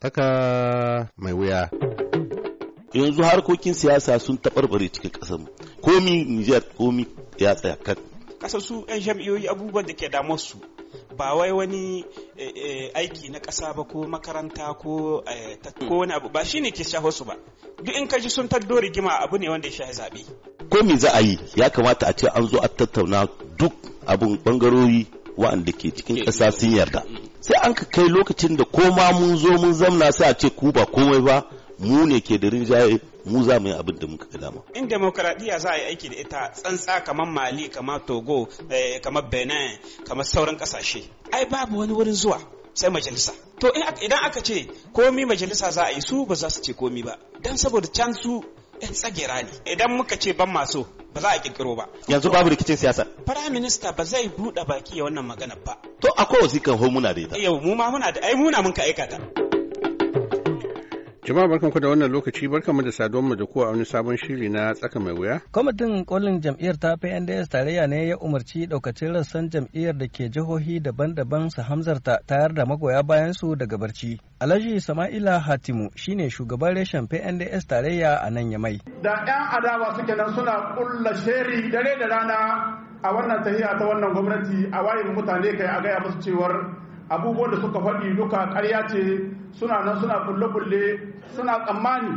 tsaka mai wuya. Yanzu harkokin siyasa sun taɓarɓare cikin ƙasar komi Nijar komi ya tsaya kan. Ƙasar su 'yan jam'iyyoyi abubuwan da ke damar su ba wai wani eh, eh, aiki na ƙasa ba ko makaranta eh, ko wani abu ba shine ke shaho su ba duk in ka ji sun taddo rigima abu ne wanda ya shafi zaɓe. Komi za a yi ya kamata a ce an zo a tattauna duk abun bangarori wa'anda ke cikin ƙasa sun yarda sai an ka kai lokacin da koma mun zo mun zamna sai a ce ku ba komai ba mu ne ke da rinjaye mu za mu yi abin da muka gada ma. In demokaradiyya za a yi aiki da ita tsantsa kamar Mali, kamar Togo, eh, kamar Benin, kamar sauran kasashe. Ai babu wani wurin zuwa sai majalisa. To idan aka ce komi majalisa za a yi su ba za su ce komi ba. Dan saboda can su ɗan tsagera ne idan muka ce ban maso ba za a kirkiro ba yanzu babu rikicin siyasa prime minister ba zai buɗe baki ya wannan magana ba to akwai wasikan homuna da ita yau mu ma muna da ai muna mun ka aikata Jama'a barkanku da wannan lokaci barkanmu da saduwar mu da kowa a wani sabon shiri na tsaka mai wuya. Kwamitin kolin jam'iyyar ta PNDS tarayya ne ya umarci daukacin rassan jam'iyyar da ke jihohi daban-daban su hamzarta tayar da magoya bayan su daga barci. Alhaji Sama'ila Hatimu shine shugaban reshen PNDS tarayya a nan Yamai. Da 'yan adawa suke nan suna kulla sheri dare da rana a wannan tahiya ta wannan gwamnati a wayin mutane kai a gaya musu cewar abubuwan da suka faɗi duka ƙarya ce suna nan suna kulle-kulle suna tsammani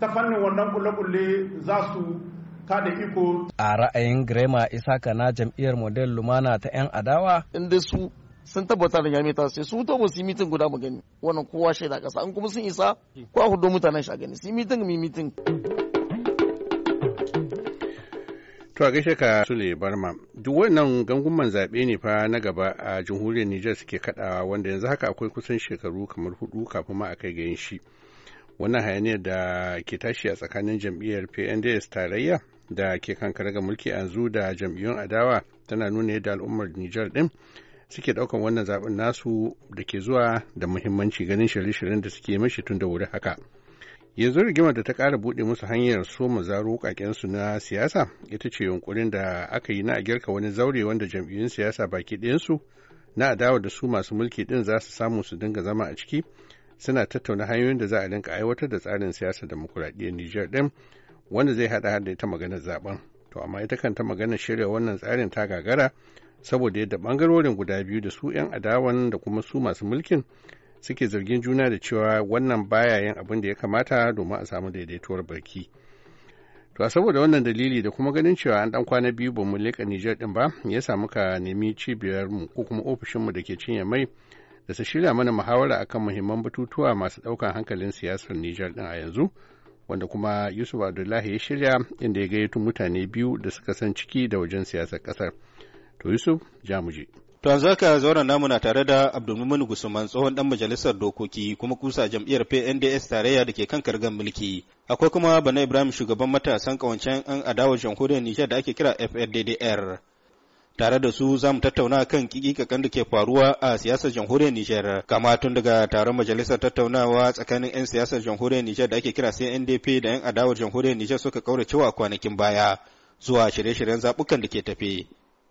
ta fannin wannan kulle-kulle za su kada iko. A ra'ayin Grema Isaka na jam'iyyar Model Lumana ta 'yan adawa? Inda su sun tabbata da yami ta sai su to ba su mitin guda mu gani wannan kowa shaida kasa an kuma sun isa ko a hudu mutanen shi a gani su mitin mi mitin. To a gaishe ka Sule Barma, duk wannan ganguman zaɓe ne fa na gaba a jamhuriyar Nijar suke kaɗawa wanda yanzu haka akwai kusan shekaru kamar hudu kafin ma a kai ga shi. Wannan hayaniyar da ke tashi a tsakanin jam'iyyar PNDS tarayya da ke kankare ga mulki yanzu da jam'iyyun adawa tana nuna yadda al'ummar Nijar ɗin suke ɗaukar wannan zaɓen nasu da ke zuwa da muhimmanci ganin shirye-shiryen da suke mashi tun da wuri haka. yanzu rigimar da ta kara bude musu hanyar so mazaro su na siyasa ita ce yunkurin da aka yi na a girka wani zaure wanda jam'iyyun siyasa baki ɗayansu na adawa da su masu mulki ɗin za su samu su dinga zama a ciki suna tattauna hanyoyin da za a dinka aiwatar da tsarin siyasa demokuraɗiyyar Nijar ɗin wanda zai haɗa da ita maganar zaben. To amma ita kanta maganar shirya wannan tsarin ta gagara saboda yadda bangarorin guda biyu da su 'yan adawan da kuma su masu mulkin suke zargin juna da cewa wannan baya yin abin da ya kamata domin a samu daidaituwar barki. To a saboda wannan dalili da kuma ganin cewa an dan kwana biyu ba mu leƙa Nijar din ba, ya samu muka nemi cibiyar mu ko kuma ofishin mu da ke cinye mai da su shirya mana muhawara akan muhimman batutuwa masu ɗaukan hankalin siyasar Nijar din a yanzu, wanda kuma Yusuf Abdullahi ya shirya inda ya gayyato mutane biyu da suka san ciki da wajen siyasar ƙasar. To Yusuf, ja mu To yanzu haka zauren namu na tare da Abdulmumin Gusman tsohon dan majalisar dokoki kuma kusa jam'iyyar PNDS tarayya da ke kan kargan mulki. Akwai kuma Bana Ibrahim shugaban matasan kawancen an adawa jamhuriyar Nijar da ake kira FLDDR. Tare da su za mu tattauna kan kikikakan da ke faruwa a siyasar jamhuriyar Nijar, kama tun daga taron majalisar tattaunawa tsakanin 'yan siyasar jamhuriyar Nijar da ake kira CNDP da 'yan adawar jamhuriyar Nijar suka kauracewa kwanakin baya zuwa shirye-shiryen zaɓukan da ke tafe.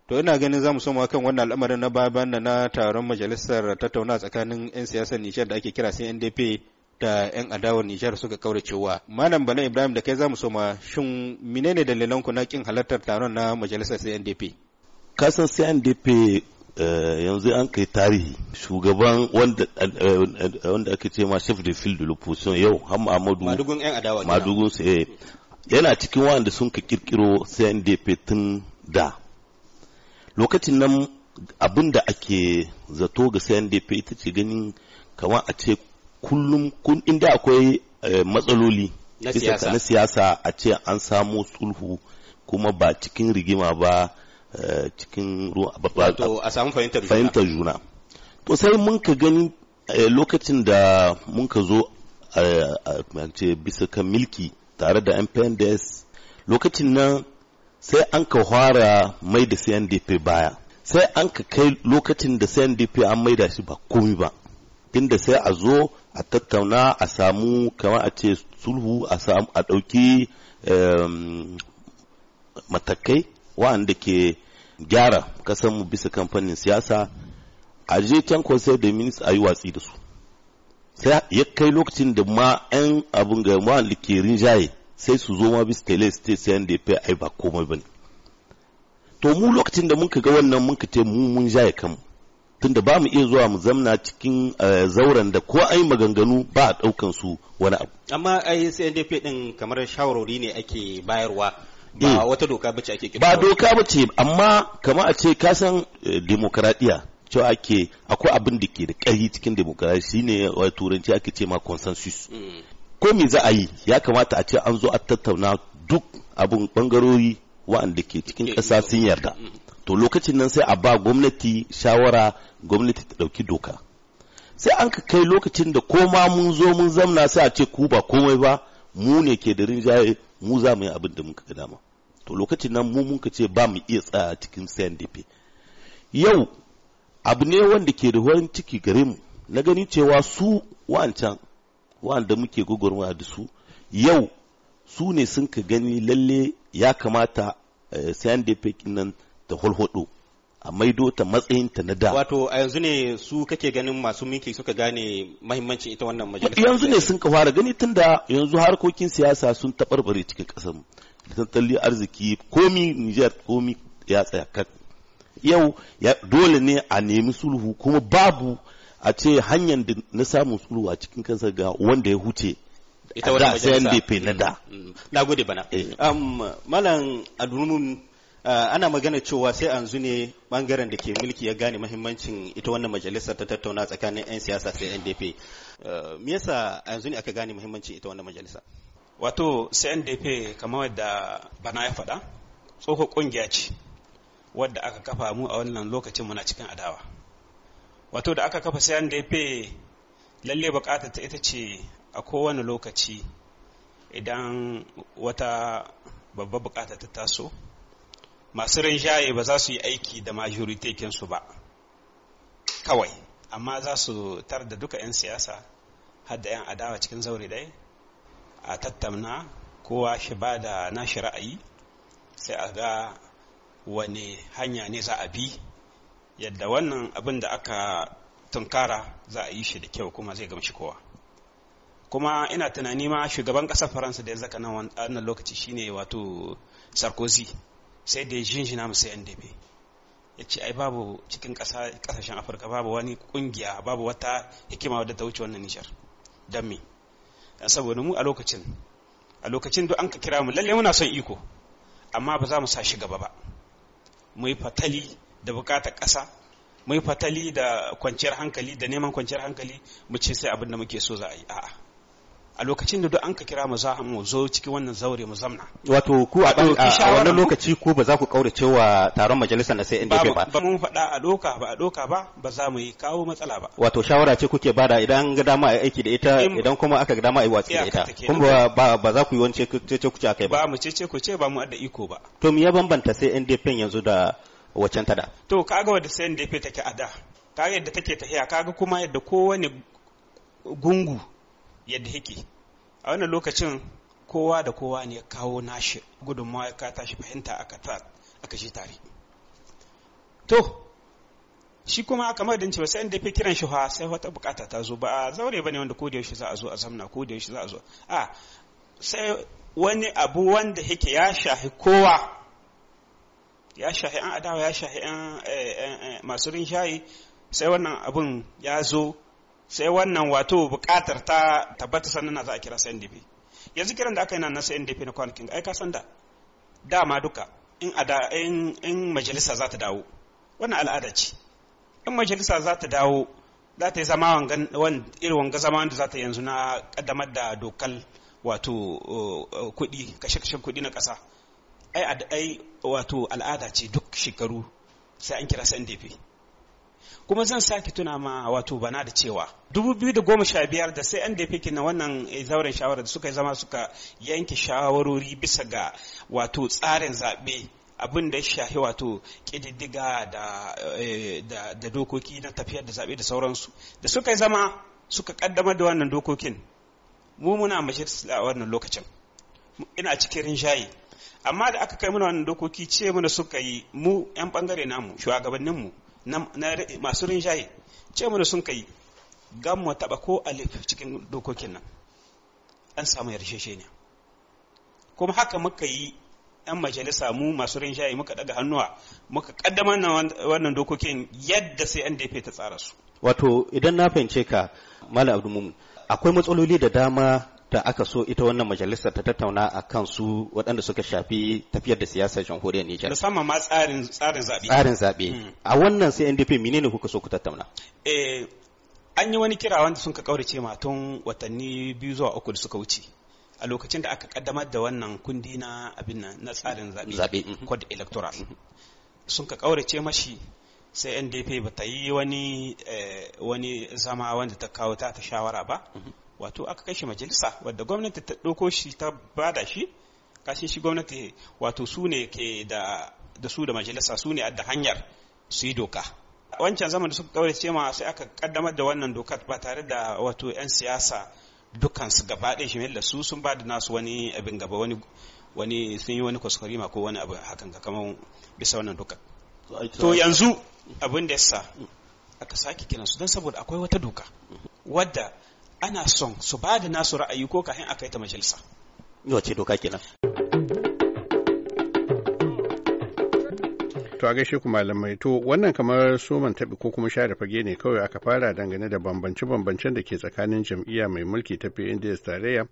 To ina ganin za mu soma kan wannan al'amarin na baya bayan na taron majalisar tattauna tsakanin 'yan siyasar Nijar da ake kira CNDP da 'yan adawar Nijar suka kaura cewa. Malam Bala Ibrahim da kai za mu soma shin menene dalilan ku na kin halartar taron na majalisar CNDP? Kasan CNDP eh, yanzu an kai tarihi shugaban eh, wanda ake ce ma chef de file de l'opposition yau har Muhammadu Madugun 'yan adawa Madugun eh, yana cikin wanda sun ka kirkiro CNDP tun da lokacin nan abin da ake zato ga sayan CNDP ita ce ganin kamar a ce kullum kun inda akwai eh, matsaloli na siyasa a ce an samu sulhu kuma ba cikin rigima ba eh, cikin a fahimtar juna to sai mun ka gani eh, lokacin da mun ka zo a bisa kan milki tare da mpns lokacin nan sai an ka fara mai da CNDP baya sai an ka kai lokacin da CNDP an mai da shi ba komi ba inda sai a zo a tattauna a samu kamar a ce sulhu a samu a ɗauki matakai wa'anda ke gyara mu bisa kamfanin siyasa a je can sai da minis a yi watsi da su sai ya kai lokacin da ma 'yan abin ga wa'anda ke rinjaye sai su zo ma bis tele su ce sayan da ya fi ai ba komai bane to mu lokacin da muka ga wannan muka ce mu mun kan kanmu tunda ba mu iya zuwa mu zamna cikin eh, zauren da ko ai maganganu ba a ɗaukan su wani abu amma ai CNDP din kamar shawarwari ne ake bayarwa ba eh. wata doka bace ake kira ba doka bace amma kamar a ce ka san eh, demokradiya cewa ake akwai abin da ke da ƙari cikin demokradiya shine ne turanci ake ce ma consensus mm. akwai me za a yi ya kamata a ce an zo a tattauna duk abun bangarori wa'anda ke cikin ƙasa sun yarda to lokacin nan sai a ba gwamnati shawara gwamnati ta ɗauki doka sai an ka kai lokacin da koma mun zo mun zamna sai a ce ku ba komai ba mu ne ke da rinjaye mu za mu yi abin da muka gada dama to lokacin nan mu mun ka ce ba mu iya tsaya cikin CNDP yau abu ne wanda ke da ciki gare mu na gani cewa su wancan wanda muke gugurwa da su yau su ne sun ka gani lalle ya kamata eh, sayan da nan ta hulhudu a maido ta matsayinta na da wato a yanzu ne su kake ganin masu minki suka gane mahimmancin ita wannan majalisa yanzu ne sun ka fara gani tunda yanzu harkokin siyasa sun taɓarɓare cikin ƙasar tattalin arziki komi Nijar komi ya tsaya yau dole ne a nemi sulhu kuma babu a ce hanyar da na samu tsuru a cikin kansa ga wanda ya huce ita wadda majalisa da na da mm, mm. na gode bana eh. malam adurumun ah, ana magana cewa sai yanzu ne bangaren da ke mulki ya gane mahimmancin ita wannan majalisa ta tattauna tsakanin 'yan siyasa sai ndp ah, me yasa yanzu ne aka gane mahimmancin ita wannan majalisa wato sai kamar wadda bana ya faɗa tsoho kungiya ce wadda aka kafa mu a wannan lokacin muna cikin adawa wato da aka kafa sayan da ya fi lalle bukatar ta ita ce a kowane lokaci idan wata babba bukata ta taso masu rinjaye ba za su yi aiki da majoritekinsu ba kawai amma za su tar da duka 'yan siyasa har da 'yan adawa cikin zaure dai a tattamna kowa shi ba da nashi ra'ayi sai a ga wani hanya ne za a bi yadda wannan abin da aka tunkara za a yi shi da kyau kuma zai gamshi kowa kuma ina tunani ma shugaban ƙasar faransa da ya zaka nan wannan lokaci shine wato sarkozy sai da ya jinjina musu dabe ya ce ai babu cikin ƙasashen afirka babu wani ƙungiya babu wata hikima wadda ta wuce wannan nijar don me saboda mu a lokacin a lokacin duk an ka kira mu lallai muna son iko amma ba za mu sa shi gaba ba mu yi fatali da bukatar ƙasa mai fatali da kwanciyar hankali da neman kwanciyar hankali mu ce sai abin da muke so za a yi a'a a lokacin da duk an ka kira mu za mu zo cikin wannan zaure mu zamna wato ku a wannan lokaci ko ba za ku kaurace wa taron majalisar na sai inda ba ba mun faɗa a doka ba a doka ba ba za mu yi kawo matsala ba wato shawara ce kuke bada idan ga dama a aiki da ita idan kuma aka ga dama a watsi da ita kuma ba za ku yi wani ce ku ce ku ce akai ba ba mu ce ce ku ce ba mu da iko ba to me ya bambanta sai NDP yanzu da waccan ta da to kaga wadda sayan da yafe take a da kaga yadda take tafiya kaga kuma yadda kowane gungu yadda yake a wannan lokacin kowa da kowa ne kawo nashi gudunmawa ya tashi fahimta aka ta aka shi tare to shi kuma aka madin cewa da ya fi kiran shi fa sai wata bukata ta zo ba a zaure bane wanda ko da yaushe za a zo a zamna ko da yaushe za a zo a sai wani abu wanda yake ya shahi kowa ya shahi an adawa ya shahi an eh, eh, eh, masu rin shayi sai wannan abun ya zo sai wannan wato bukatar ta tabbata sannan za a kira CNDP yanzu kiran da aka yi na CNDP na kwanakin ai aika sanda dama duka in ada in majalisa za ta dawo wannan al'ada ce in majalisa za ta dawo za ta yi zama irin wanga zama wanda za ta yanzu na kaddamar da dokal wato kuɗi kashe-kashen kuɗi na ƙasa ai ai wato al'ada ce duk shekaru sai an kira sandefe kuma zan sake tuna ma wato bana da cewa 2015 da sai an da fi na wannan eh, zauren shawara da suka zama suka yanke shawarori bisa ga wato tsarin zaɓe abin da ya shahi wato ƙididdiga da eh, dokoki na tafiyar da zaɓe da sauransu da suka zama suka ƙaddamar da wannan dokokin mu muna majalis a wannan lokacin ina cikin rinjaye amma da aka kai mana wannan dokoki ce mana suka yi mu yan bangare namu shugabanninmu na masu rinjaye ce mana sun kai gamma taba ko alif cikin dokokin nan an samu yarjejeniya kuma haka muka yi yan majalisa mu masu rinjaye muka daga hannuwa muka kaddama na wannan dokokin yadda sai an dafe ta tsara su wato idan na fahimce ka malam abdulmumin akwai matsaloli da dama da aka so ita wannan majalisar ta tattauna a kan su waɗanda suka shafi tafiyar da siyasar jamhuriyar Nijar. Musamman ma tsarin tsarin zaɓe. Tsarin zaɓe. Hmm. A wannan sai NDP menene kuka so ku tattauna? Eh an yi wani kira wanda sun ka kaurace ma tun watanni biyu zuwa uku da suka wuce. A lokacin da aka kaddamar da wannan kundi na abin nan na tsarin zaɓe. Zaɓe. Mhm. Code electoral. Mhm. Sun ka kaurace mashi sai NDP ba ta yi wani eh, wani zama wanda ta kawo ta ta shawara ba. Mhm. wato aka kai shi majalisa wadda gwamnati ta ɗauko shi ta bada shi kashe shi gwamnati wato su ne ke da da su da majalisa su ne adda hanyar su yi doka wancan zaman da suka ce ma sai aka kaddamar da wannan dokar ba tare da wato 'yan siyasa su gaba ɗaya shi da su sun ba da nasu wani abin gaba wani wani sun yi wani ma ko wani abu hakan ga kamar bisa wannan dokar to yanzu abin da yasa aka sake kiran su don saboda akwai wata doka wadda ana son su ba da nasu ra'ayi ko kafin a kai ta majalisa wace doka kenan to a gaishe ku malamai to wannan kamar soman taɓi ko kuma share fage ne kawai aka fara dangane da bambance-bambancen da ke tsakanin jam'iyya mai mulki ta pnds tarayya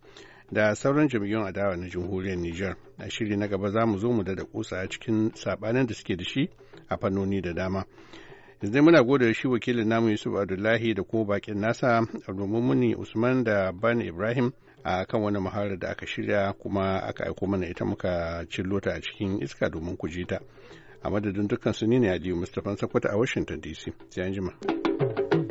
da sauran jam'iyyun adawa na jamhuriyar nijar a shiri na gaba za mu zo mu da kusa a cikin saɓanin da suke da shi a fannoni da dama yanzu muna gode shi wakilin namu yusuf abdullahi da kuma bakin nasa muni usman da ban ibrahim a kan wani muharar da aka shirya kuma aka aiko mana ita muka cillota a cikin iska domin ku ta a madadin dukkan su ne ne aliyu mustapha sakwata a washington dc sai an jima.